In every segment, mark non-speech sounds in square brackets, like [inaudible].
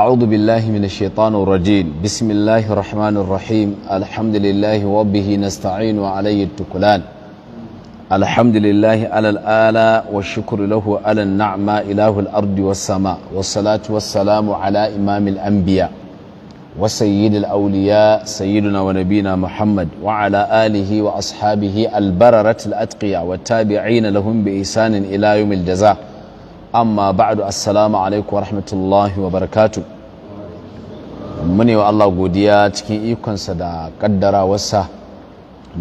أعوذ بالله من الشيطان الرجيم بسم الله الرحمن الرحيم الحمد لله وبه نستعين وعليه التكلان الحمد لله على الآلاء والشكر له على النعمة إله الأرض والسماء والصلاة والسلام على إمام الأنبياء وسيد الأولياء سيدنا ونبينا محمد وعلى آله وأصحابه البررة الأتقياء والتابعين لهم بإحسان إلى يوم الجزاء amma ba'du assalamu alaikum wa rahmatullahi wa barakatu mune wa Allah godiya cikin ikonsa da ƙaddarawarsa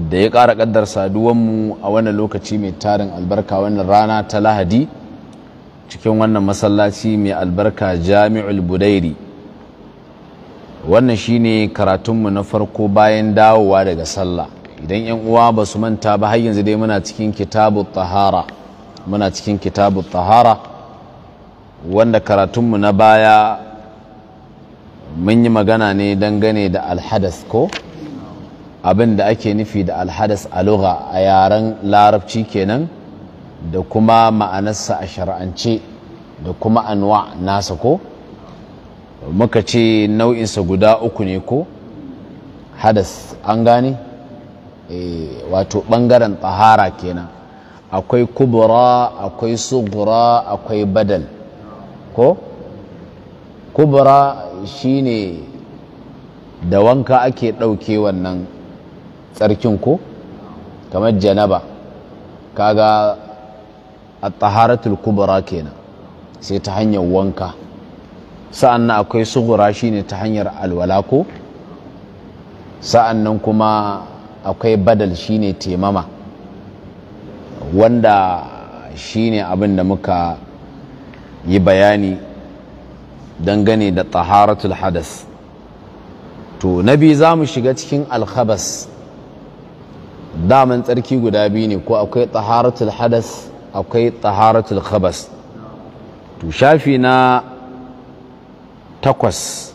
da ya ƙara kaddar saduwanmu a wannan lokaci mai tarin albarka wannan rana ta lahadi cikin wannan masallaci mai albarka jami'ul budairi wannan shine karatunmu na farko bayan dawowa daga sallah idan yan uwa ba su manta ba har yanzu dai muna cikin kitabu tahara muna cikin kitabu tahara wanda karatunmu na baya mun yi magana ne dangane da alhadas ko abin da ake nufi da alhadas a lugha a yaren larabci kenan da kuma ma'anarsa a shar'ance da kuma anwa nasa ko muka ce nau'insa guda uku ne ko hadas an gane eh, wato ɓangaren tsahara kenan akwai kubura akwai sugura akwai badal ko kubra shine da wanka ake ɗauke wannan tsarkin ko kamar janaba kaga a taharatul kubra kenan sai ta hanyar wanka sa'an nan akwai sugura shine ta hanyar alwala ko sa'an nan kuma akwai badal shine temama wanda shine abin da muka yi bayani dangane da taharatul hadas to na biyu za mu shiga cikin alkhabas daman tsarki guda biyu ne ko akwai taharatul hadas akwai taharatul khabas to shafi na takwas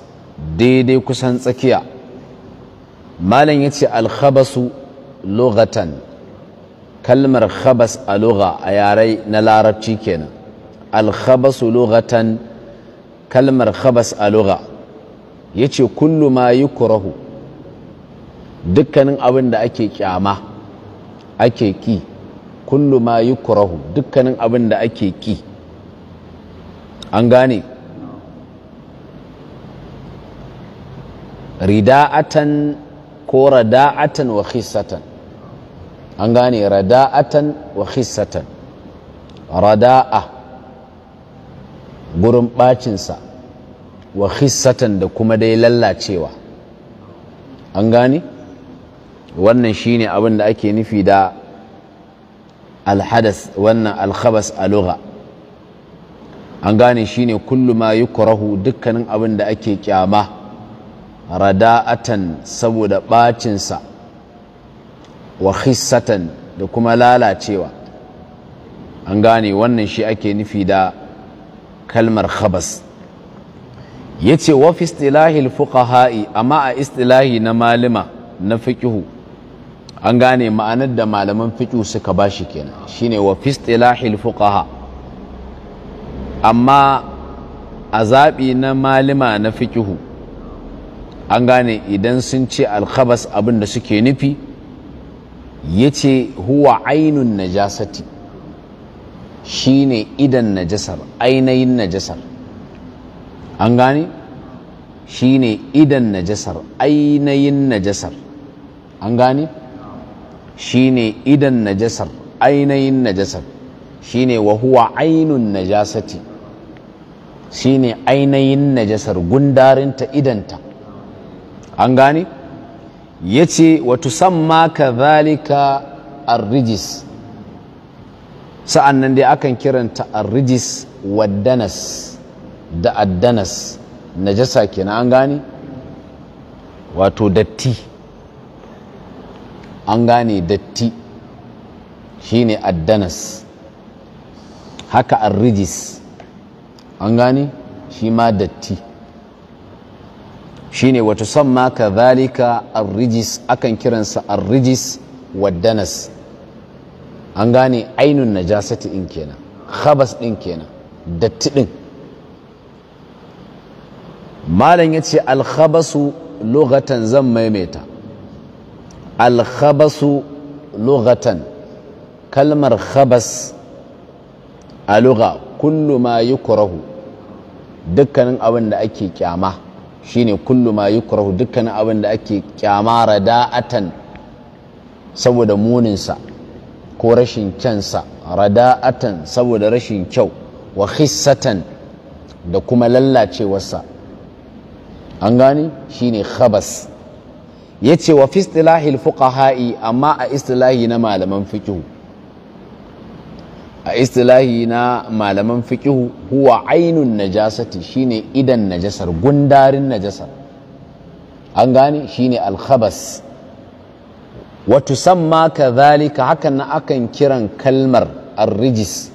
daidai kusan tsakiya malam ya ce alkhabasu lugatan kalmar khabas a lugha a yare na larabci kenan alkhabasu lugatan kalmar khabas a ya ce, kullu ma yi yukrahu dukkanin abin da ake kyama ake ki kullu ma yi yukrahu dukkanin abin da ake ki an gane rida'atan ko rada'atan wa khissatan an gane rada'atan wa khissatan rada'a gurin bacinsa wa hissatan da kuma dai lallacewa an gane wannan shine abin da ake nufi da alhadas wannan alkhabas a lugha an gane shine kullu ma yukrahu dukkanin abin da ake kyama rada'atan saboda bacinsa wa hissatan da kuma lalacewa an gane wannan shi ake nufi da kalmar khabas ya ce wa fi istilahil fuqaha'i amma a istilahi na malima na fiqihu an gane ma'anar da malaman fiqihu suka ba shi kenan shine wa fi istilahil fuqaha amma a zaɓi na malima na fiqihu an gane idan sun ce alkhabas abin da suke nufi ya ce huwa ainun najasati Shi ne idan najasar ainihin najasar an Shi ne idan najasar ainihin najasar an Shi ne idan najasar ainihin najasar shi wa huwa ainun najasati ne ainihin najasar gundarinta idanta an gane yace wa tusamma zalika a rijis sa'an nan dai akan kiranta arrijis waddanas da addanas najasa kenan an gane wato datti an gane datti shine addanas haka arrijis an gane shi ma datti shine wato son ma ka zalika arrijis akan kiransa arrijis waddanas an gane ainun najasati in kenan khabas din kenan datti din malam yace al-khabasu lughatan zan maimaita al-khabasu kalmar khabas a lugha kullu ma yukrahu dukkanin abin da ake kyama shine kullu ma yukrahu dukkanin abin da ake kyama rada'atan saboda muninsa ko rashin kyansa rada'atan saboda rashin kyau wa hissatan da kuma lallacewarsa an gane ne khabas ya ce wa fi fuqaha'i amma a istilahi na malaman fikihu a istilahi na malaman fikihu huwa ainun najasati shine idan najasar gundarin najasar an gane shine alkhabas wata samma ka zalika hakan na akan kiran kalmar arrijis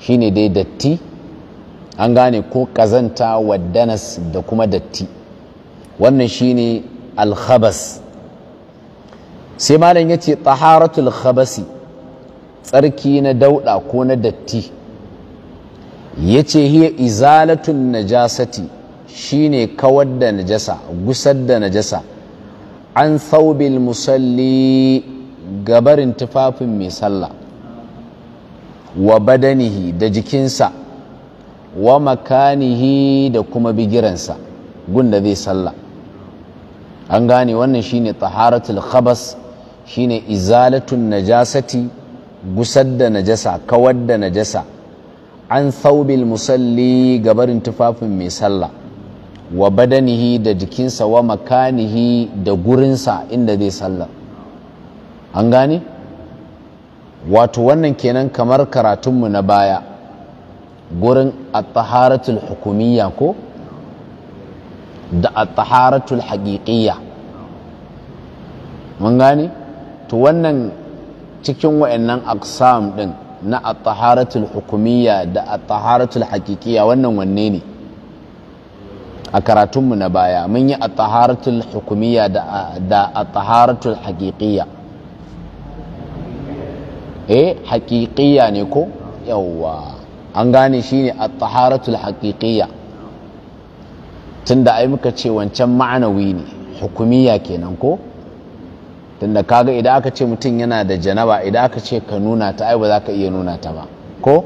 shine dai datti an gane ko kazanta wa danas da kuma datti wannan shine alkhabas sai malam ya ce taharatul khabasi tsarki na dauɗa ko na datti ya ce hiya izalatun najasati shine kawar da najasa gusar da najasa an saubil musalli gabarin tufafin mai sallah wa badanihi da jikinsa wa makanihi da kuma bigiransa gunda zai sallah an gane wannan shine taharatul khabas shine izalatun najasati gusar da najasa kawar da najasa an saubil musalli gabarin tufafin mai sallah wa badanihi da jikinsa wa makanihi da gurinsa inda zai sallar an gane wato wannan kenan kamar karatunmu na baya gurin at-taharatul hukumiyya ko da at-taharatul haqiqiyya mun gane to wannan cikin wa'annan aqsam din na at-taharatul hukumiyya da at-taharatul haqiqiyya wannan wanne ne a karatunmu na baya mun yi a taharatul hukumiyya da a taharatul hakikiya eh ne ko yawwa an gane shi ne a taharatul tunda ai muka ce wancan ma'anawi ne hukumiyya kenan ko tunda kaga idan aka ce mutum yana da janaba idan aka ce ka nuna ta ai ba za ka iya nuna ta ba ko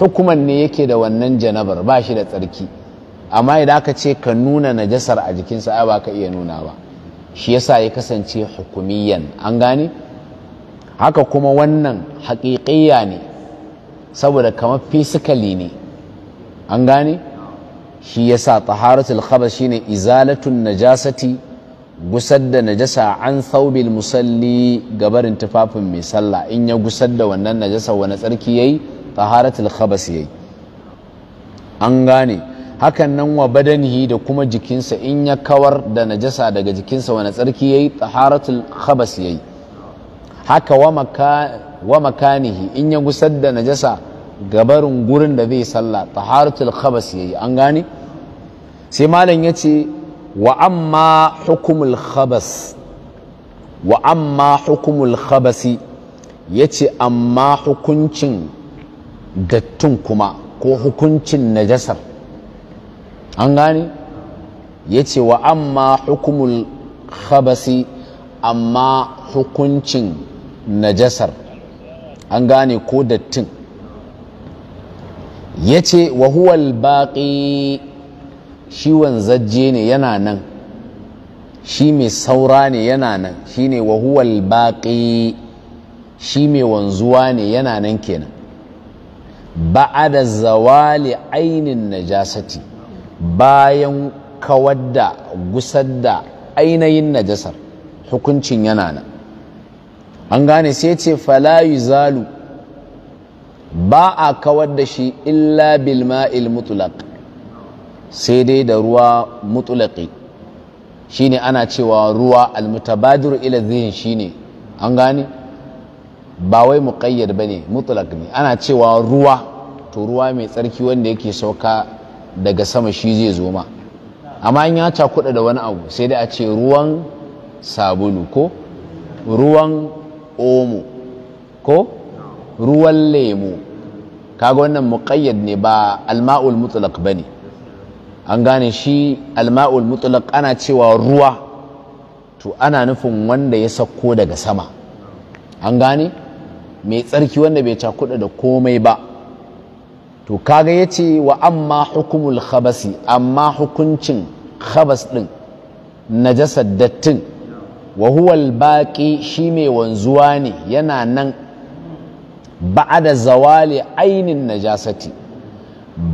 hukuman ne yake da wannan janabar ba shi da tsarki amma idan aka ce ka nuna najasar a jikinsa ai ba ka iya nuna ba shi yasa ya kasance hukumiyan an gane haka kuma wannan haƙiƙiya ne saboda kamar fisikali ne an gane shi yasa taharatul khabas shine izalatun najasati gusar da najasa an thawbil musalli gabarin tufafin mai sallah in ya gusar da wannan najasa wani tsarki yayi taharatul khabas yayi an gane hakan nan wa badanihi da kuma jikinsa in ya kawar da najasa daga jikinsa wani tsarki ya yayi taharatul khabas yi? haka wa makanihi in ya gusar da najasa gabarin gurin da zai salla taharatul khabas yi an gane sai malam ce wa amma hukumul khabas wa amma hukumul khabasi yace amma hukuncin dattun kuma ko hukuncin najasar an gane ya ce wa amma hukumul khabasi amma hukuncin najasar an gane ko dattin ya ce wa huwal baƙi shi wanzajje ne yana nan shi mai saura ne yana nan shi ne wa huwal baƙi shi mai wanzuwa ne yana nan kenan ba'a da zawali ainin najasati bayan kawar da gusar da ainihin najasar hukuncin yana nan an gane sai ce falayu zalu ba a kawar da shi illa bilma'il mutulak sai dai da ruwa mutulaki shine ana cewa ruwa almutabadir ila zihin shine an gane ba wai ba ne, mutlaq ne ana cewa ruwa to ruwa mai tsarki wanda yake sauka daga sama shi zai zo ma amma in ya cakuɗa da wani abu sai dai a ce ruwan sabulu ko ruwan omo ko ruwan lemu kaga wannan muƙayyad ne ba alma'ul mutlaq ba ne an gane shi alma'ul mutlaq ana cewa ruwa to ana nufin wanda ya sauko daga sama an gane mai tsarki wanda bai cakuɗa da komai ba to kaga ya ce wa amma hukumul khabasi amma hukuncin khabas ɗin najasar dattin wa huwal baƙi shi mai wanzuwa ne yana nan ba'ada zawali ainin najasati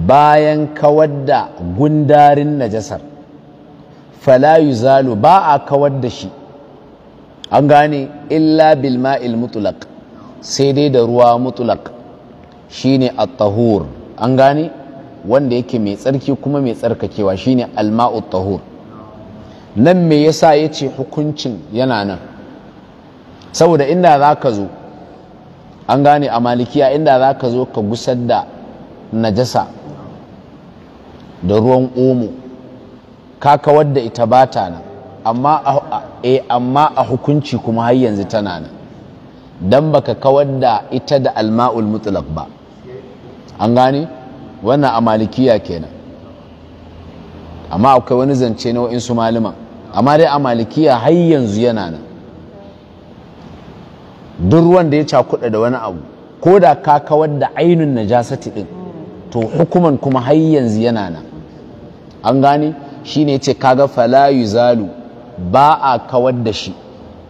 bayan kawar da gundarin najasar fala yuzalu ba a kawar da shi an gane illa bilma'il mutulak sai dai da ruwa mutulak shine at-tahur an gane wanda yake mai tsarki kuma mai tsarkakewa shine alma'u tahur nan me yasa ya ce hukuncin yana nan saboda inda za ka zo an gane a malikiya inda za ka zo ka gusar da najasa da ruwan omo ka kawar da ita bata nan eh, amma a hukunci kuma har yanzu tana nan don baka kawar da ita da alma'ul mutlaq ba an gane wannan a malikiya kenan amma akwai wani zance na su malaman amma dai a malikiya har yanzu yana nan duk ruwan da ya cakuɗa da wani abu ko da ka kawar da ainun najasati ɗin to hukuman kuma har yanzu yana nan an gane shi ne ce kaga fala zalu ba a kawar da shi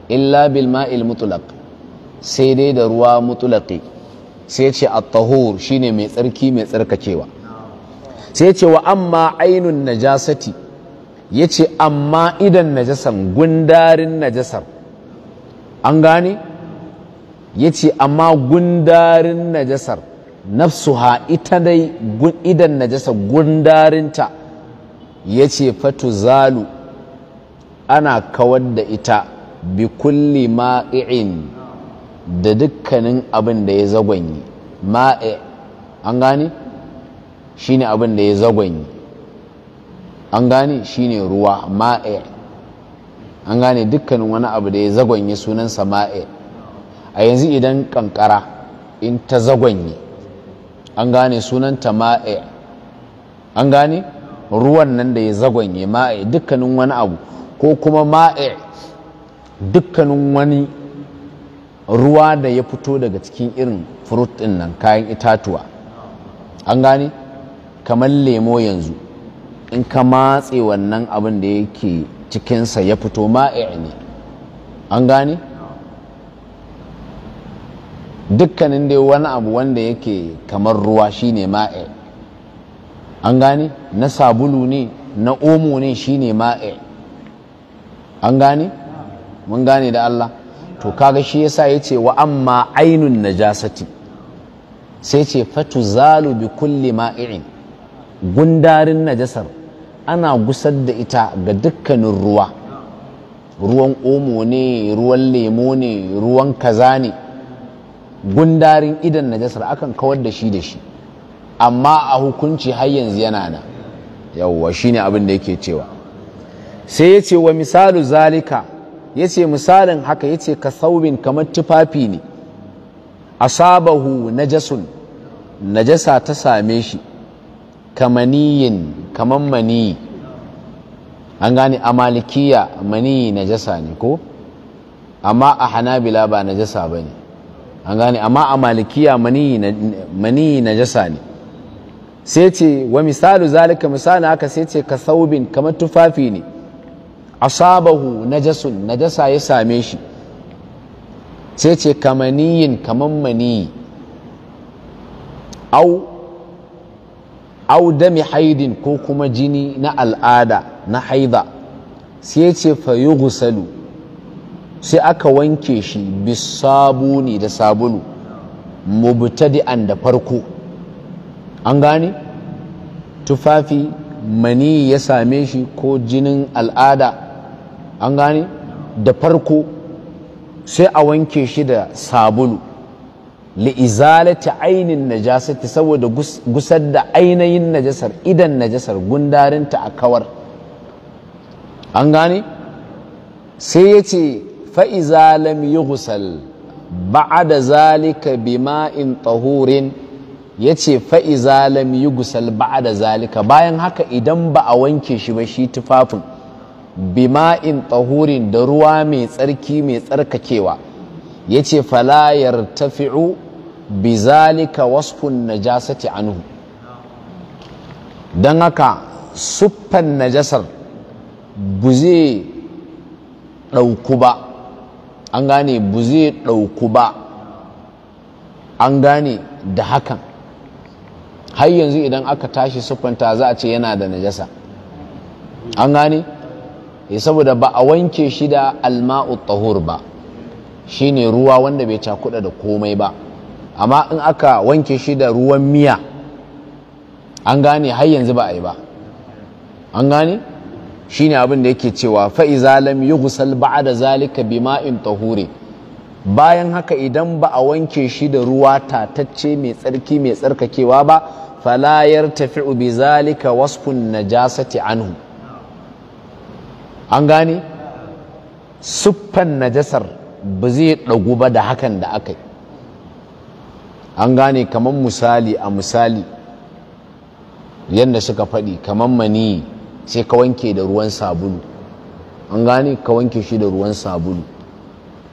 illa bil ma'il sai dai da ruwa mutlaqi sai ce at-tahur shine mai tsarki mai tsarkakewa sai ya ce wa amma ainun najasati ya ce amma idan najasan gundarin najasar an gane ya ce amma gundarin najasar ha ita dai idan najasa gundarinta ya ce fatu zalu ana kawar da ita bi kulli ma'i'in da dukkanin abin da ya zagwanyi ma'e an shi shine abin da ya zagwanyi an shi shine ruwa ma'e an gani dukkanin wani abu da ya zagwanyi sunansa ma'e a yanzu idan kankara in ta zagwanyi an gane sunanta ma'e an gane ruwan nan da ya zagonye ma'e dukkanin wani abu ko kuma ma'e dukkanin wani ruwa da ya fito daga cikin irin fruit din nan kayan itatuwa an gane kamar lemo yanzu in ka matse wannan abin da yake cikinsa ya fito ma'i ne an gane dukkanin dai wani abu wanda yake kamar ruwa shine ma'i an gane na sabulu ne na omo ne shine ma'i an gane mun gane da Allah to kaga shi yasa yace wa amma ainun najasati sai ce fatuzalu bi kulli ma'i'in gundarin najasar ana gusar da ita ga dukkanin ruwa ruwan omo ne ruwan lemo ne ruwan kaza ne gundarin idan najasar akan kawar da shi da shi amma a hukunci har yanzu yana nan yawwa shine abin da yake cewa sai ya ce wa misalu zalika ya ce misalin haka ya ce ka saubin kamar tufafi ne asabahu najasun najasa ta same shi kamaniyin kaman maniyi an gane a malikiya maniyi najasa ne ko amma a hanabila ba najasa ba ne an gane amma a malikiya maniyi najasa ne sai ce wa misalu zalika misali haka sai ce ka saubin kamar tufafi ne asabahu najasun najasa ya same shi sai ce kamaniyin kaman mani au au dami haidin ko kuma jini na al'ada na haida sai ce fa gusalu sai aka wanke shi bisabuni da sabulu mubtadi'an da farko an gane tufafi mani ya same shi ko jinin al'ada an gane da farko sai a wanke shi da sabulu li'izalati ainin najasati saboda gusar da ainihin najasar idan najasar gundarinta a kawar an gane sai ya ce yi gusal ba'ada zalika bima'in tahurin ya ce fa'iza yi gusal ba'ada zalika bayan haka idan ba a wanke shi ba shi tufafin bima'in tahurin da ruwa mai tsarki mai tsarkakewa yace falayar, "Tafi'u bizalika wasfun najasati anhu don haka suffan najasar bu zai ɗauku ba an gane bu zai ɗauku ba an gane da hakan har yanzu idan aka tashi suffanta za a ce yana da najasa an gane saboda ba a wanke shi da alma'u tahur ba shine ruwa wanda bai cakuɗa da komai ba amma in aka wanke shi da ruwan miya an gane har yanzu ba a yi ba an gane ne abin da yake cewa fa yi gusal da zalika bima'in tahuri bayan haka idan ba a wanke shi da ruwa tatacce mai tsarki mai tsarkakewa ba falayar tafi’u bi zalika wasfun najasati anhu an gane siffan najasar ba zai ɗagu ba da hakan da aka yi an gane kamar misali a misali yadda suka faɗi kamar mani sai ka wanke da ruwan sabulu an gane ka wanke shi da ruwan sabulu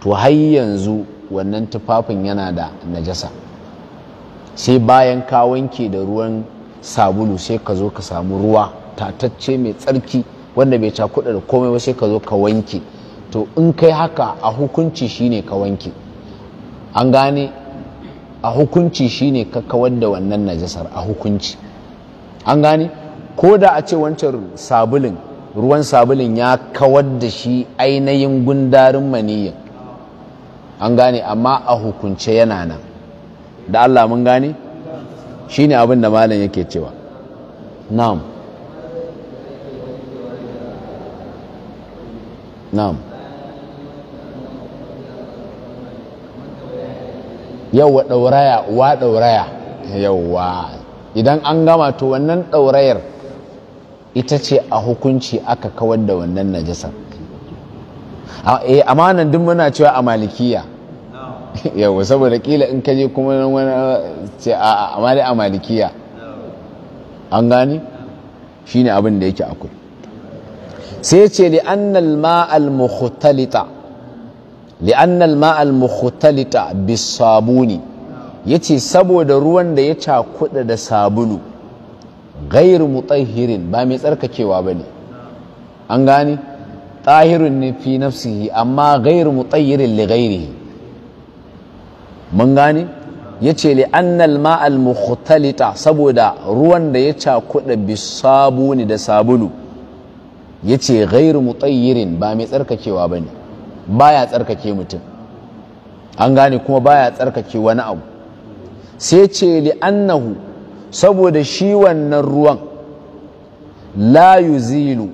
to har yanzu wannan tufafin yana da najasa sai bayan ka wanke da ruwan sabulu sai ka zo ka samu ruwa tatacce mai tsarki wanda bai cakuɗa da komai ba sai ka zo ka wanke to in kai haka a hukunci shine ka wanke an gane a hukunci shine ka kawar da wannan najasar a hukunci an gane ko da a ce wancan sabulin ruwan sabulin ya kawar da shi ainihin gundarin maniyin an gane amma a hukunce yana nan da Allah mun gane shine abin da malam yake cewa na'am na'am yawa ɗauraya wa ɗauraya yawa idan an gama to wannan ɗaurayar ita ce a hukunci aka kawar da wannan najasar eh, amma nan duk muna cewa a malikiya yawa saboda kila in kaje kuma wani ce a amali a malikiya an gani shine abin da yake akwai sai ce li'annal ma'al mukhtalita li'annal ma'al mukhtalita bisabuni yace saboda ruwan da ya cakuda da sabulu ghair mutahhirin ba mai tsarkakewa bane an gane tahirun ne fi nafsihi amma ghair mutahhirin li ghairihi mun gane yace li'annal ma'al mukhtalita saboda ruwan da ya cakuda bisabuni da sabulu ya ce gairu mutayyirin ba mai tsarkakewa ba ne baya tsarkake mutum an gane kuma baya tsarkake wani abu sai ce li'annahu saboda shi wannan ruwan la yuzilu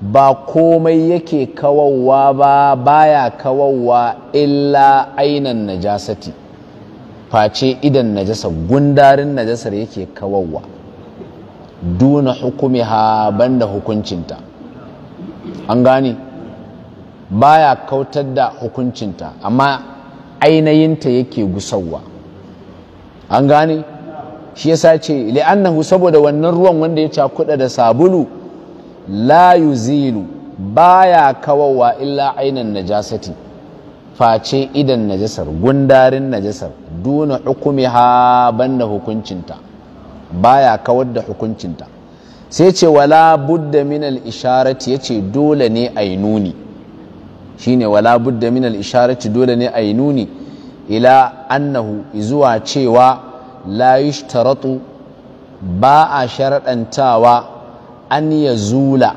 ba komai yake kawawa ba baya kawawa illa ainan najasati face idan najasa gundarin najasar yake kawawa duna hukumi hukumiha banda hukuncinta an gane baya kautar da hukuncinta amma ta yake gusauwa an gane shi yasa ce li'annahu saboda wannan ruwan wanda ya cakuɗa da sabulu la yuzilu baya kawawa illa ainan najasati face idan najasar gundarin najasar duna hukumiha banda hukuncinta baya kawar da hukuncinta sai ce wala budda minal isharati ya ce dole ne a yi nuni Shi ne wala budda minal isharati dole ne a yi nuni ila annahu zuwa cewa la yushtaratu ba a sharaɗantawa an ya zula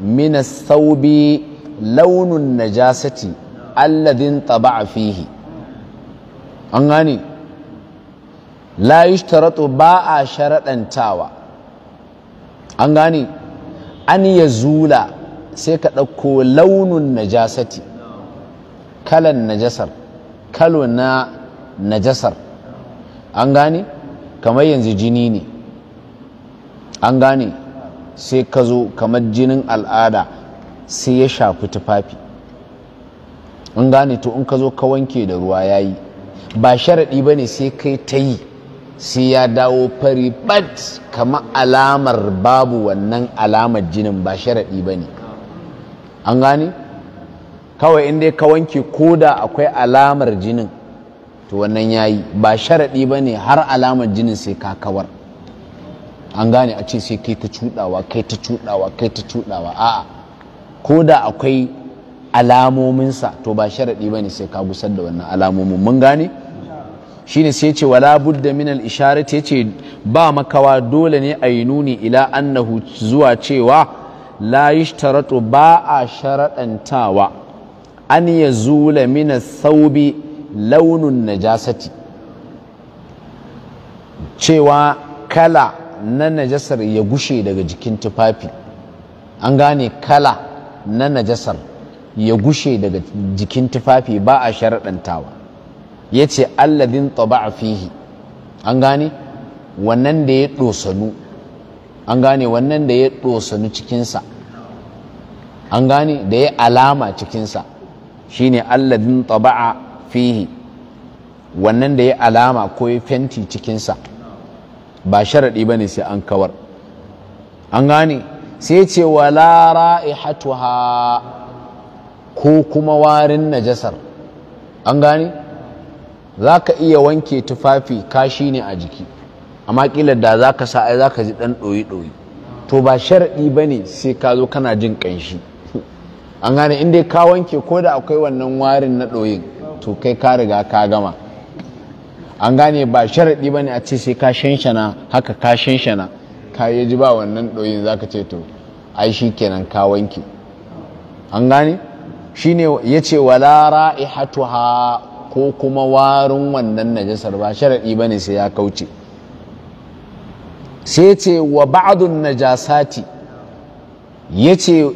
mina saubi launin najasati alladin taba'a fihi an gani la yushtaratu ba a sharaɗantawa an gane an ya zula sai ka ɗauko launin najasati kalan najasar kalo na najasar an gane kamar yanzu jini ne an gane sai ka zo kamar jinin al'ada sai ya shafi tufafi an gane to in ka zo ka wanke da ruwa yayi ba sharaɗi ba ne sai kai ta yi sai ya dawo fari bat kama alamar babu wannan alamar jinin ba sharaɗi ba ne an gane kawai inda ka wanke koda akwai alamar jinin to wannan ya yi ba sharaɗi ba ne har alamar jinin sai ka kawar an gane a ce sai kai ta cuɗawa kai ta cuɗawa kai ta cuɗawa a'a koda akwai alamominsa to ba sharaɗi ba ne sai ka gusar da wannan alamomin mun gane shine sai ce wala budda min al isharati ce ba makawa dole ne a yi nuni ila annahu zuwa cewa la yishtaratu ba a sharaɗantawa an ya zula min saubi launin najasati cewa kala na najasar ya gushe daga jikin tufafi an gane kala na najasar ya gushe daga jikin tufafi ba a sharaɗantawa ya ce alladin taba'a fihi an gane wannan da ya dosanu an gane wannan da ya dosanu cikinsa an gane da ya alama cikinsa shine alladin taba'a fihi wannan da ya alama ko ya fenti cikinsa ba sharaɗi ba ne sai an kawar an gane sai ce wa ra'ihatuha ko kuma warin najasar an gane za ka iya wanke tufafi kashi ne a jiki amma kila da za ka sa'ai za ka ji ɗan ɗoyi-ɗoyi to ba sharaɗi ba ne sai ka zo kana jin ƙanshi an gane inda ka wanke ko da akwai wannan warin na ɗoyin to kai ka riga ka gama an gane ba sharaɗi ba ne a ce sai ka shanshana haka ka shanshana ka yi ji ba wannan ɗoyin za ka ce to ai shi kenan ka wanke an gane shi ne ya ce wala ra'ihatuha ko kuma warin wannan najasar ba sharaɗi ba ne sai ya kauce sai ce wa ba'adun najasati ya ce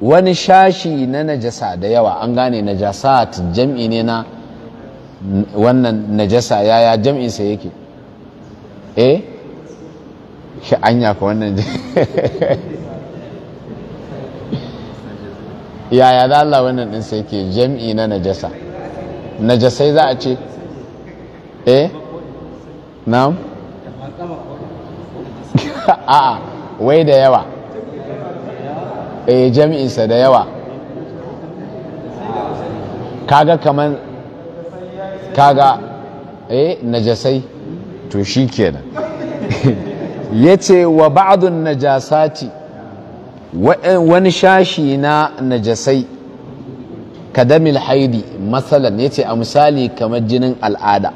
wani shashi na najasa da yawa an gane najasat jam'i ne na wannan najasa yaya sai yake eh anya ka wannan [laughs] yaya da Allah wannan sai yake jam'i na najasa najasai za a ce eh nam [laughs] a'a wai da yawa eh jami'insa da yawa kaga kaman kaga eh najasai to shi kenan [laughs] ya ce wa ba'adun najasati eh, wani shashi na najasai kadamil haidi masalan ya ce a misali kamar jinin al'ada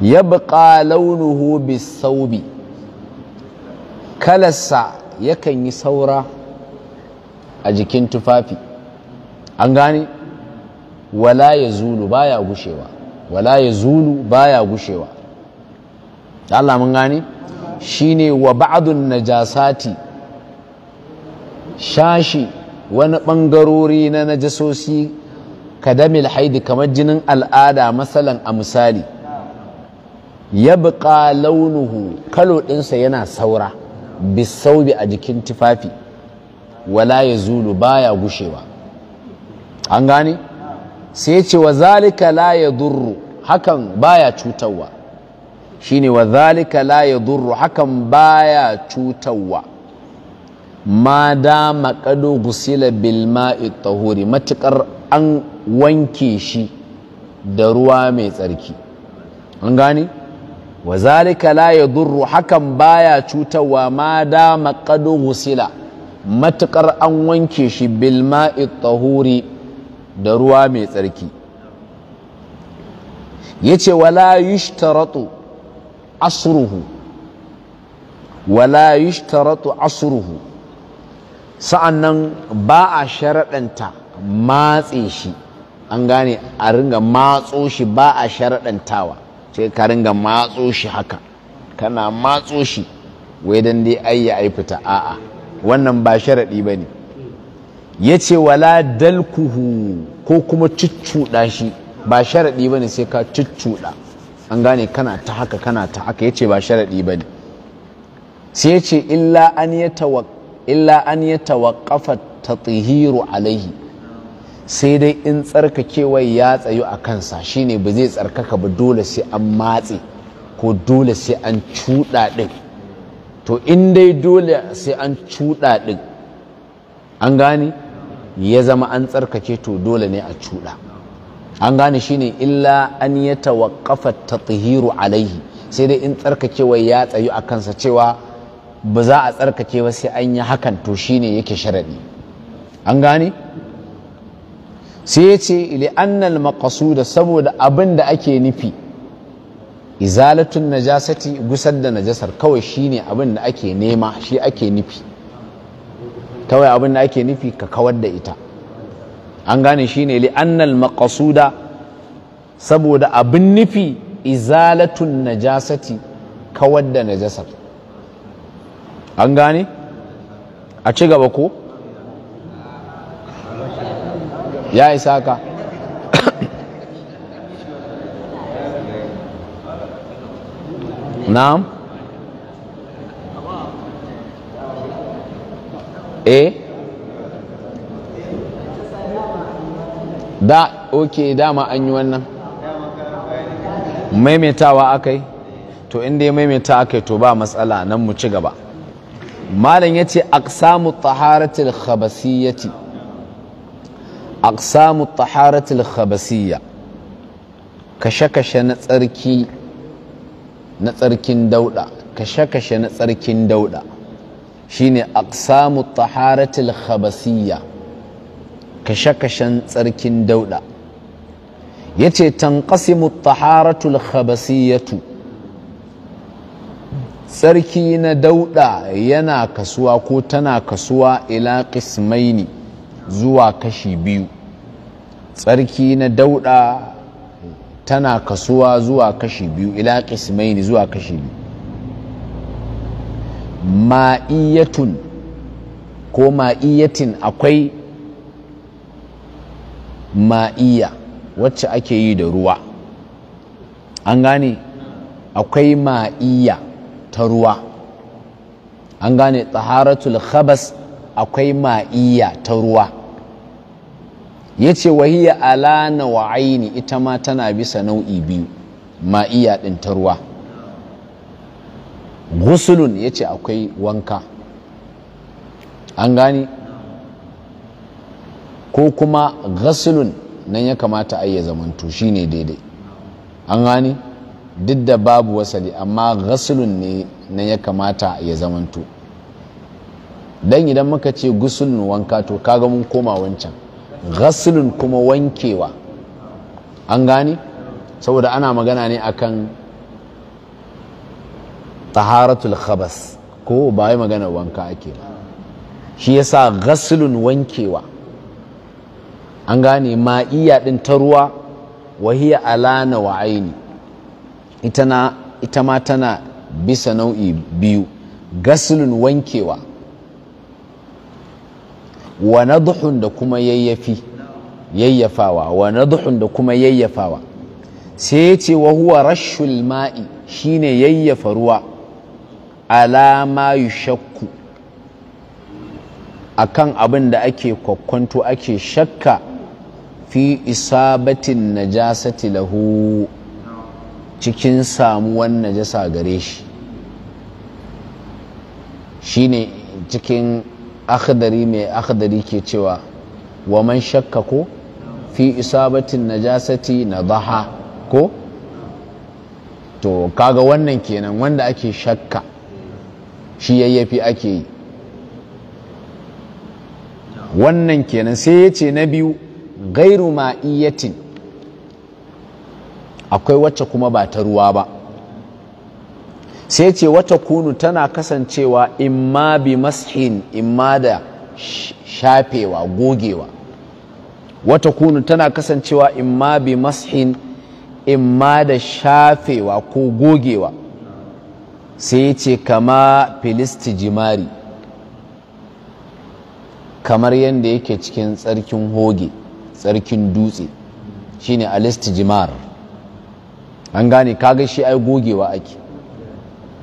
ya buƙa launuhu bisaubi kalarsa yakan yi saura a jikin tufafi an gane wala ya zulu baya gushewa wala ya zulu baya gushewa Allah mun gane shine wa ba'dun najasati shashi wani ɓangarori na najasoshi kadamil haidi kamar jinin al'ada matsalan a misali ya buƙa launuhu kalo ɗinsa yana saura bisaubi a jikin tufafi wala ya zulu baya gushewa an gane sai ce wa zalika la ya durru hakan baya cutarwa shine wa zalika la ya durru hakan baya cutarwa ma dama kado gusila bilma'i tahuri matukar an wanke shi da ruwa mai tsarki an gane wa zalika la durru hakan baya cutarwa ma dama kado gusila matukar an wanke shi bilma'i tahuri da ruwa mai tsarki Ya yace wala yushtaratu asruhu wala yushtaratu asruhu sa'an nan ba a sharaɗanta matse shi an gane a ringa matso shi ba a sharaɗantawa sai ka ringa matso shi haka kana matso shi wai dan dai ai ya fita a'a wannan ba sharaɗi ba ne ya ce wala dalkuhu ko kuma cuccuɗa shi ba sharaɗi ba ne sai ka cuccuɗa an gane kana ta haka kana ta haka ya ce ba sharaɗi ba ne sai ya ce illa an ya tawakka illa an ya tawakafa ta tsihiru alaihi sai dai in tsarkakewar ya tsayu a kansa shine ba zai tsarkaka ba dole sai an matse ko dole sai an cuɗa ɗin to in dai dole sai an cuɗa ɗin an gane ya zama an tsarkake to dole ne a cuɗa an gane shine illa an ya tawakafa ta tsihiru alaihi sai dai in tsarkakewar ya tsayu a kansa cewa ba za a tsarkake ba sai an yi hakan to shine yake sharadi an gane sai ya ce ili annal da saboda abin da ake nufi izalatun najasati gusar da najasar kawai shine abin da ake nema shi ake nufi kawai abin da ake nufi ka kawar da ita an gane shine li annal maqasuda saboda abin nufi izalatun najasati kawar da najasar an gane a ci gaba ko ya isa ka na'am e? da ok dama an yi wannan maimaitawa aka yi to inda ya maimaita aka yi to ba matsala nan mu ci gaba malam ya ce aksamu taharatul khabasiyyati aksamu taharatul khabasiyya kashe-kashe na tsarki na tsarkin dauda kashe-kashe na tsarkin dauda shine aksamu taharatul khabasiyya kashe-kashen tsarkin dauda yace tanqasimu taharatul khabasiyyatu sarki na dauda yana kasuwa ko tana kasuwa ila kismaini zuwa kashi biyu tsarki na dauda tana kasuwa zuwa kashi biyu ila kismaini zuwa kashi biyu ma'iyatun ko ma'iyatin akwai ma'iya wacce ake yi da ruwa an gane akwai ma'iya ta ruwa an gane taharatul khabas akwai ma'iya ta ruwa ya ce ya ala na aini ita ma tana bisa nau'i biyu ma'iya ɗin ta ruwa gusulun ya ce akwai wanka an gani ko kuma gasulun nan ya kamata a ya shine daidai an gani duk da babu wasali amma ghaslun ne na ya kamata ya zamanto dan idan muka ce gusulun wanka to kaga mun koma wancan ghaslun kuma wankewa an gane saboda ana magana ne akan taharatul khabas ko ba yi magana wanka ake ba shi yasa ghaslun wankewa an gane ma'iya din ta ruwa wahiya alana wa aini ita ma tana bisa nau'i biyu gasulun wankewa wa duhun da kuma yayyafi yayyafawa wa da kuma yayyafawa sai ya ce huwa rashul ma'i shine yayyafa ruwa alama a akan abin da ake kwakwanto ake shakka fi isabatin najasati lahu cikin samuwan najasa gare shi shi ne cikin akhdari mai akhdari ke cewa wa man shakka ko fi isabatin najasati na zaha ko to kaga wannan kenan wanda ake shakka shi yayyafi ake yi wannan kenan sai ya ce na biyu gairu ma'iyatin akwai wacce kuma ba ta ruwa ba sai ce wata kunu tana kasancewa imma bi mashin imma da shafewa gogewa wata kunu tana kasancewa imma bi mashin imma da shafewa ko gogewa sai ce kama filisti jimari kamar yadda yake cikin tsarkin hoge tsarkin dutse shine alistijimar an gane kaga shi ai gogewa ake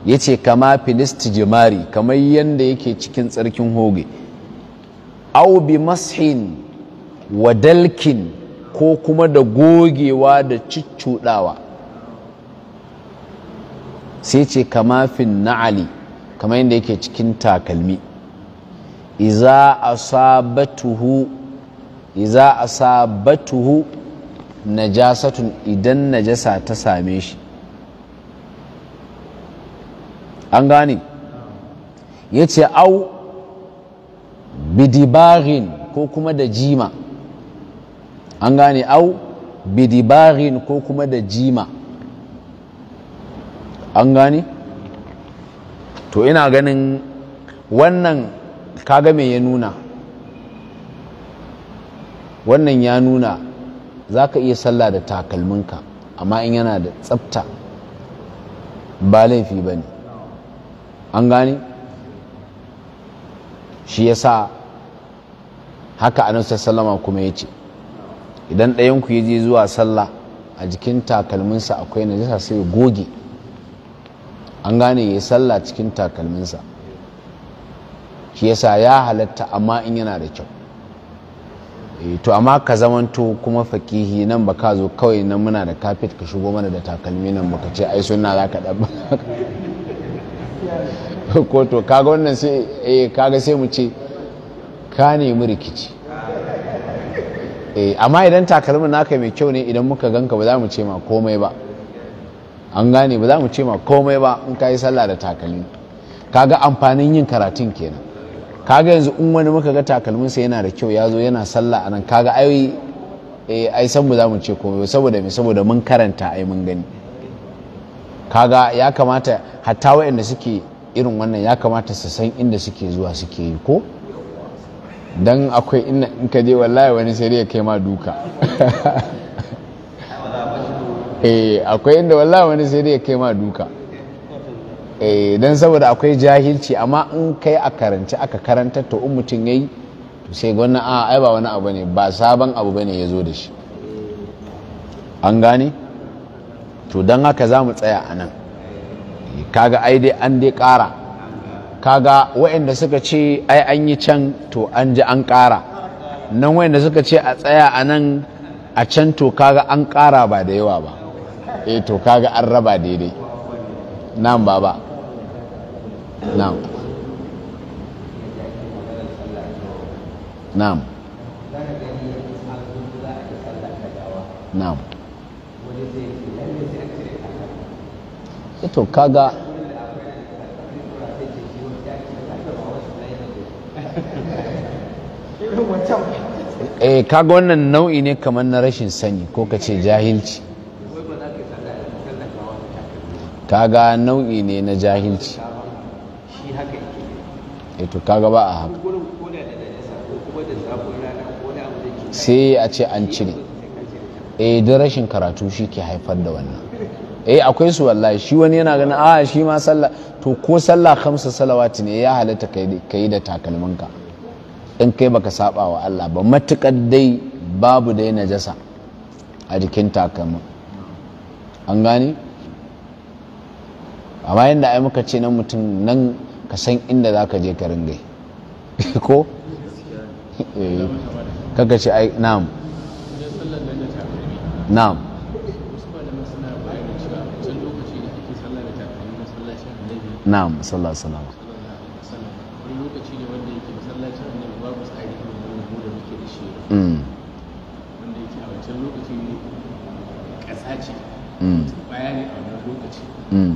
ya ce kama filisti jimari kamar yadda yake cikin tsarkin hoge au bi mashin wa dalkin ko kuma da gogewa da ciccudawa sai ce kama fin na'ali kamar yadda yake cikin takalmi iza a sabatuhu najasatun idan najasa ta same shi an gane ya ce au bidibarin ko kuma da jima an gane au bidibarin ko kuma da jima an gane to ina ganin wannan kaga me ya nuna wannan ya nuna za ka iya sallah da takalminka amma in yana da tsafta ba laifi ba ne an gane shi ya sa haka anasar salama kuma ya ce idan ɗayanku ya je zuwa sallah a jikin takalminsa akwai na najasa sai goge an gane ya sallah cikin takalminsa shi ya sa ya halatta amma in yana da kyau Eh, to amma ka zamanto kuma fakihi nan ba ka zo kawai nan muna da kafet ka shigo mana da takalmi nan baka ce ai suna za ka ɗaba [laughs] ko to kaga wannan sai eh, kaga sai mu ce ka nemi rikici eh, amma idan takalmin naka mai kyau ne idan muka ganka ba za mu ce ma komai ba an gane ba za mu ce ma komai ba in ka yi sallah da takalmi kaga amfanin yin karatun kenan kaga yanzu in wani muka ga takalminsa yana da kyau ya zo yana sallah anan kaga ai eh, ai san mu za mu ce komai saboda me saboda mun karanta ai mun gani kaga ya kamata hatta wayanda suke irin wannan ya kamata su san inda suke zuwa suke yi ko dan akwai in ka je wallahi wani sai ya kai ma duka [laughs] eh akwai inda wallahi wani sai ya kai ma duka Eh, don saboda akwai jahilci amma in kai a karanci aka karanta to in mutum ya yi to sai wannan a ai ba wani abu ne ba sabon abu bane ya zo da shi an gane to don haka za mu tsaya a nan eh, kaga ai dai an dai ƙara kaga waɗanda suka ce ai an yi can to an ji an ƙara nan waɗanda suka ce a tsaya a nan a can to kaga an ƙara ba da yawa ba e to kaga an raba daidai nan ba ba na'am na'am na'am ito eh, kaga eh kaga wannan nau'i ne kamar na rashin sani ko kace jahilci kaga nau'i ne na jahilci Eh, to kaga ba a haka sai a ce an cire eh don rashin karatu shi ke haifar da wannan eh akwai su wallahi shi wani yana ganin a ah, shi ma sallah to ko sallah kamsa salawati ne ya halatta ka yi da takalminka in kai baka saba wa Allah ba matukar dai babu dai najasa a jikin takalmin an gane amma yadda ai muka ce nan mutum nan ka san inda za ka je ka ringa [laughs] ko eh, kaka ce ai na'am na'am na'am sallallahu alaihi Mm.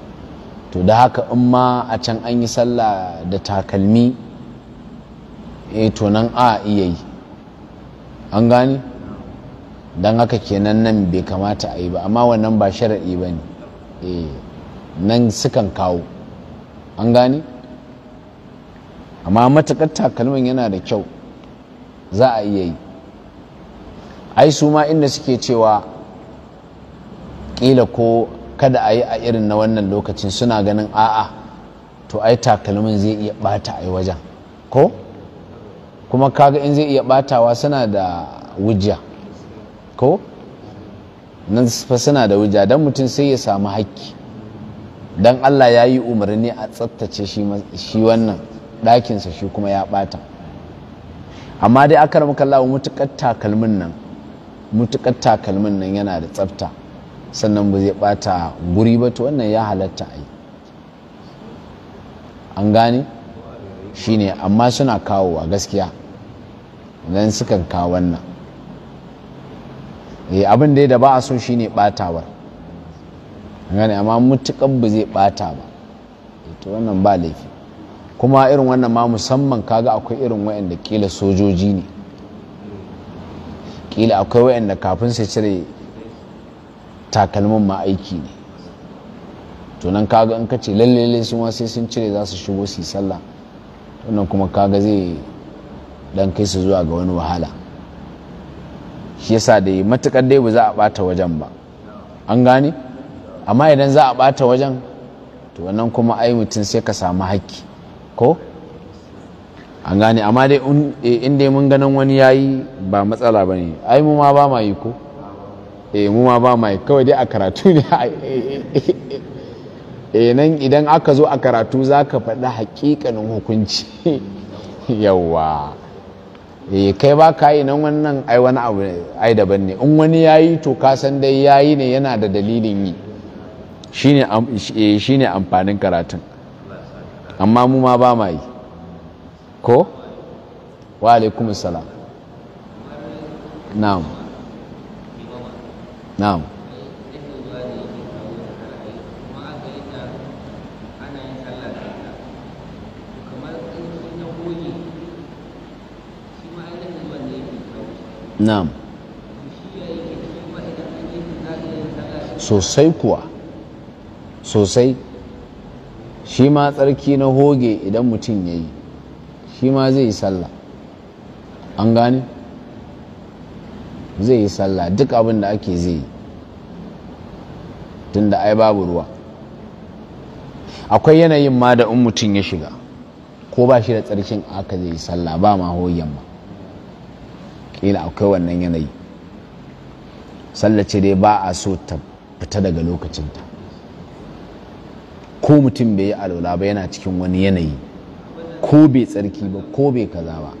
to da haka in ma a can an yi sallah da takalmi e to nan a iya yi an gani don haka kenan nan bai kamata a yi ba amma wannan ba sharaɗi ba ne eh, nan sukan kawo an gani amma matuƙar takalmin yana da kyau za a iya yi ai su ma inda suke cewa kila ko kada a yi a irin na wannan lokacin suna ganin a'a to ai takalmin zai iya bata a wajen ko kuma kaga in zai iya batawa suna da wujja ko nan fa suna da wujja don mutum sai ya samu haƙƙi don allah ya yi umarni a tsaftace shi wannan ɗakinsa shi kuma ya bata amma dai aka ramuka lawo mutuƙar mutuƙar takalmin nan yana da tsafta sannan ba zai bata guri ba to wannan ya halatta a yi an gane shine amma suna kawo a gaskiya idan suka kawo wannan eh, abin da ba a so shine batawar gane amma mutukan ba zai bata ba eh, to wannan ba laifi kuma irin wannan ma musamman kaga akwai irin wayanda kila sojoji ne kila akwai wayanda kafin su cire takalmin ma aiki ne to nan kaga in ka ce lalle su ma sai sun cire za su shigo su yi sallah wannan kuma kaga zai dan kai su zuwa ga wani wahala shi yasa da matukar dai ba za a bata wajen ba an gane amma idan za a bata wajen to wannan kuma ai mutum sai ka samu haƙƙi ko an gane amma dai in eh, dai mun ganin wani yayi ba matsala bane ai mu ma ba ma yi ko eh mu ma ba mai kawai dai a karatu ne [laughs] eh nan idan aka zo a karatu za ka faɗi haƙiƙanin hukunci [laughs] yawa eh kai ba ka yi nan wannan ai wani abu ai daban ne in wani ya yi to ka san dai ya yi ne yana da dalilin yi shine eh, amfanin karatun amma mu ma ba ma yi ko wa alaikumussalam na'am na'am na'am sosai kuwa sosai shi ma tsarki na hoge idan mutum ya yi shi ma zai yi sallah an gane? zai yi sallah duk abin da ake zai yi tunda ai babu ruwa akwai yanayin ma da in mutum ya shiga ko ba shi da tsarkin aka zai yi sallah ba ma yamma yamma ƙila akwai wannan yanayi sallace dai ba a so ta fita daga lokacinta ko mutum bai yi alola ba yana cikin wani yanayi ko bai tsarki ba ko bai kaza ba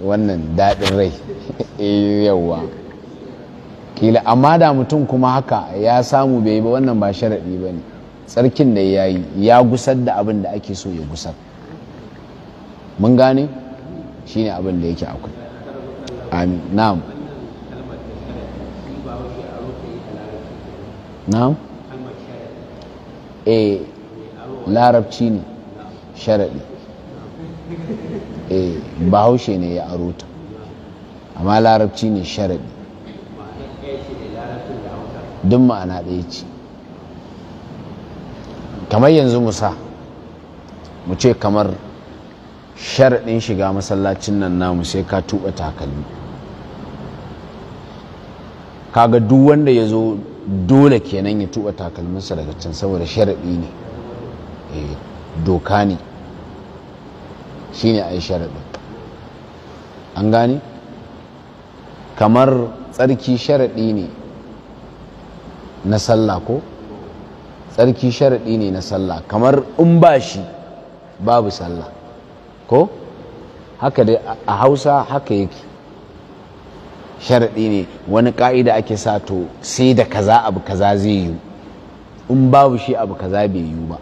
wannan daɗin rai [laughs] eh, yauwa kila amma da mutum kuma haka ya samu bai yi ba wannan ba sharaɗi ba ne tsarkin da ya yi ya gusar da abin da ake so ya gusar mun gane shi ne abin da yake akwai amin na'am na'am eh larabci ne sharaɗi eh bahaushe ne ya aro ta amma larabci ne sharaɗi duk ma'ana ɗaya ce kamar yanzu musa mu ce kamar sharaɗin shiga masallacin nan namu sai ka tuɓa takalmi kaga duk wanda ya zo dole kenan ya tuɓa takalminsa daga can saboda sharaɗi ne eh, doka ne shine a yi sharaɗin an gane kamar tsarki sharaɗi ne na sallah ko tsarki sharaɗi ne na sallah kamar in ba shi babu sallah ko haka dai a hausa haka yake sharaɗi ne wani ƙa'ida ake sa to sai da kaza abu kaza zai yiwu in babu shi abu kaza bai yiwu ba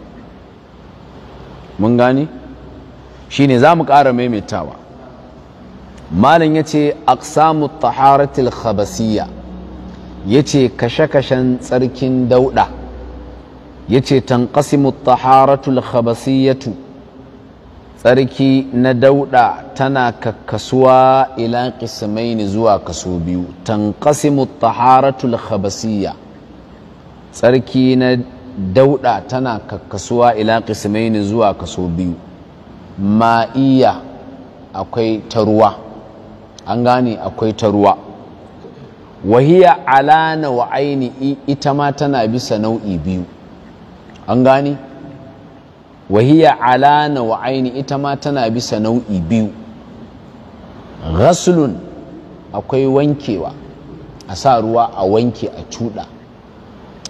mun gane shine za mu ƙara maimaitawa malam ya ce aksamu taharatil khabasiyya ya ce kashe-kashen tsarkin dauɗa ya ce tankasimu taharatul khabasiyyatu tsarki na dauɗa tana kakkasuwa ila qismaini zuwa kaso biyu tankasimu taharatul khabasiyya tsarki na dauɗa tana kakkasuwa ila qismaini zuwa kaso biyu ma'iya akwai ta ruwa an gane akwai ta ruwa wahiya alana wa aini ita ma tana bisa nau'i biyu an gane wahiya alana wa aini ita ma tana bisa nau'i biyu Rasulun akwai wankewa a sa ruwa a wanke a cuɗa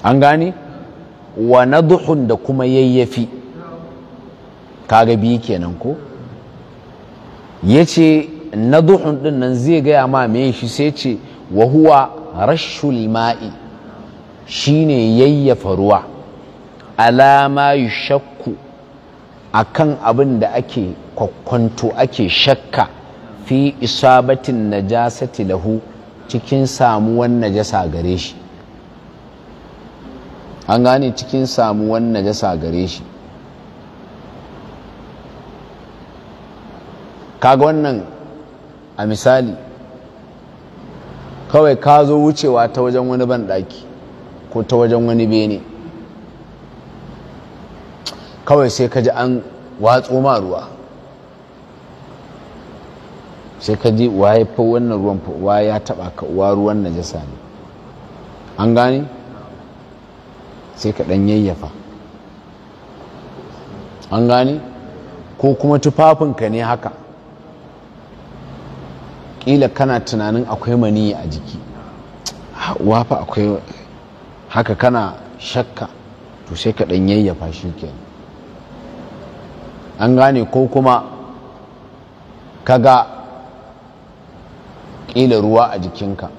an gane wa nadhun da kuma yayyafi kaga biyu kenan ko ya ce na duhun din nan zai gaya ma me shi sai ce wa huwa rashul ma'i shine yayyafa ruwa alama shakku akan abin da ake kwakwanto ake shakka fi isabatin najasati lahu cikin samuwan najasa gare shi an gane cikin samuwan najasa gare shi kaga wannan a misali kawai ka zo wucewa ta wajen wani banɗaki ko ta wajen wani bene kawai sai ka ji an watso ma ruwa sai ka ji waye fa wannan ruwan fa uwa ya taba ka uwa ruwan najasa ne an gane sai ka dan yayyafa an gane ko kuma tufafinka ne haka ƙila kana tunanin akwai mani a jiki wafa akwai haka kana shakka to sai ka ɗan yayyafa shi kenan an gane ko kuma kaga kila ruwa a jikinka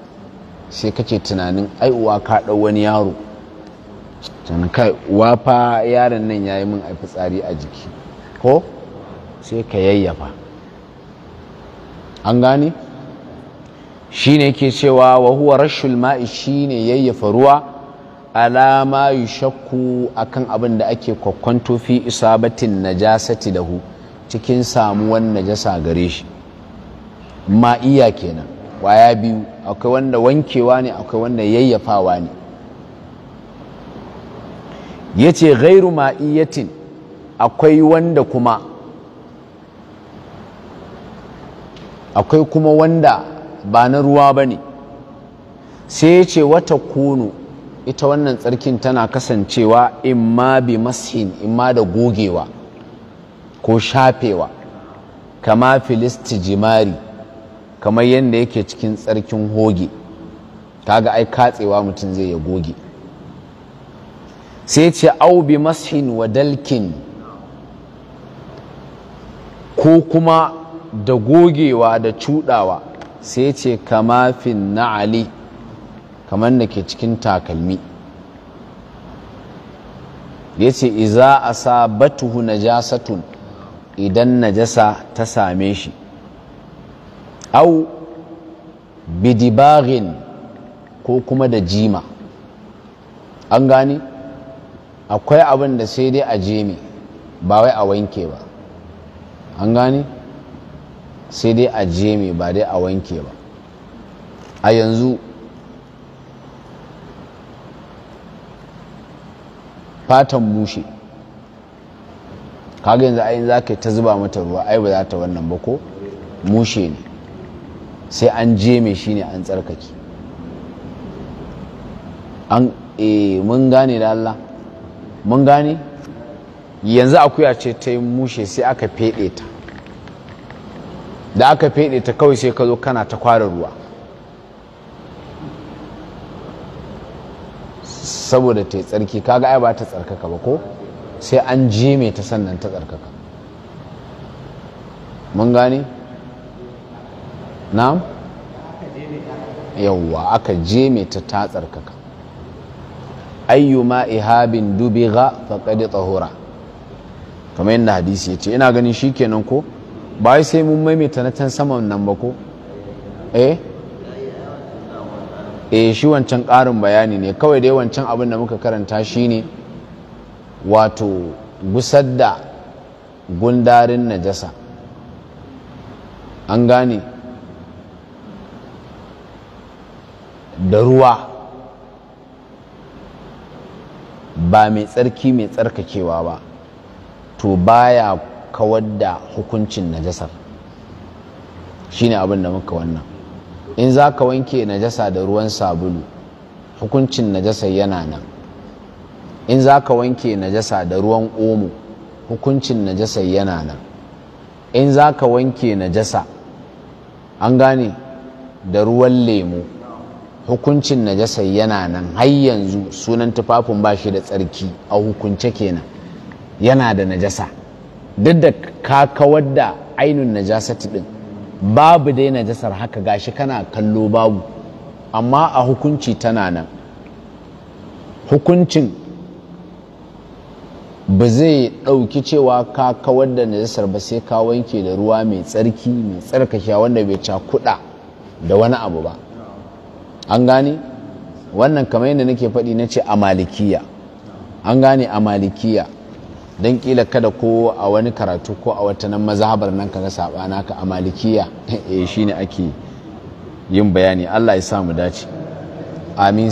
sai kace tunanin ai uwa ka ɗau wani yaro sannan kai uwa fa yaron nan ya yi min a fitsari a jiki ko sai ka yayyafa an gane? shine ke cewa wa huwa rashul ma'i shine yayyafa ruwa alama yushakku akan abin da ake kwakwanto fi isabatin najasati dahu cikin samuwan najasa gare shi ma'iya kenan waya biyu akwai wanda wankewa ne akwai wanda yayyafawa ne Ya yace gairu ma'iyatin akwai wanda kuma akwai kuma wanda ba na ruwa ba ne sai ya ce wata kunu ita wannan tsarkin tana kasancewa in ma bi mashin ma da gogewa ko shafewa kama filisti jimari kamar yadda yake cikin tsarkin hoge kaga ai katsewa mutum zai ya goge sai ce au bi mashin wa dalkin ko kuma da gogewa da cudawa sai ce kamafin na na'ali kamar da ke cikin takalmi ya ce iza a sa batuhu najasatun idan najasa ta same shi au bidibagin ko kuma da jima an gani akwai abin da sai dai a jemi ba wai a wanke ba an gani sai dai a jeme ba dai a wanke ba a yanzu fatan bushe kaga yanzu ayin za ka ta zuba mata ruwa ai ba za ta wannan ba ko mushe ne sai an jeme shi ne an tsarkake an eh, mun gane da Allah mun gane yanzu akuya ce ta yi mushe sai aka feɗe ta da aka feɗe ta kawai sai ka zo kana ta kwara ruwa saboda ta yi tsarki kaga ai ba ta tsarkaka ba ko sai an jime ta sannan ta tsarkaka mun gane na? yauwa aka mai ta ta tsarkaka ayyuma ihabin ga faqad kamar yadda hadisi ya ce ina ganin shi kenan ko ba sai mun maimaita na can saman nan ba ko eh eh shi wancan ƙarin bayani ne kawai dai wancan abin da muka karanta shine wato gusar da gundarin najasa an gane da ruwa ba mai tsarki mai tsarkakewa ba to baya kawar da hukuncin najasar shine abin da muka wannan in za ka wanke najasa da ruwan sabulu hukuncin najasar yana nan in za ka wanke najasa da ruwan omo hukuncin najasar yana nan in za ka wanke najasa an gane da ruwan lemu hukuncin najasa yana nan har yanzu sunan tufafin ba shi da tsarki a hukunce kenan yana da najasa duk da ka kawar da ainun najasati din babu dai najasar haka gashi kana kallo babu amma a hukunci tana nan hukuncin ba zai ɗauki cewa ka kawar da najasar ba sai ka wanke da ruwa mai tsarki mai tsarkake wanda bai cakuɗa da wani abu ba an gane wannan kamar yadda nake faɗi na ce a malikiya an gane a malikiya don kila kada ko a wani karatu ko a wata nan mazhabar nan kaga sabana ka a malikiya [laughs] eh shine ake yin bayani Allah ya sa mu dace amin